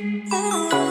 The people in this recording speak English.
Oh.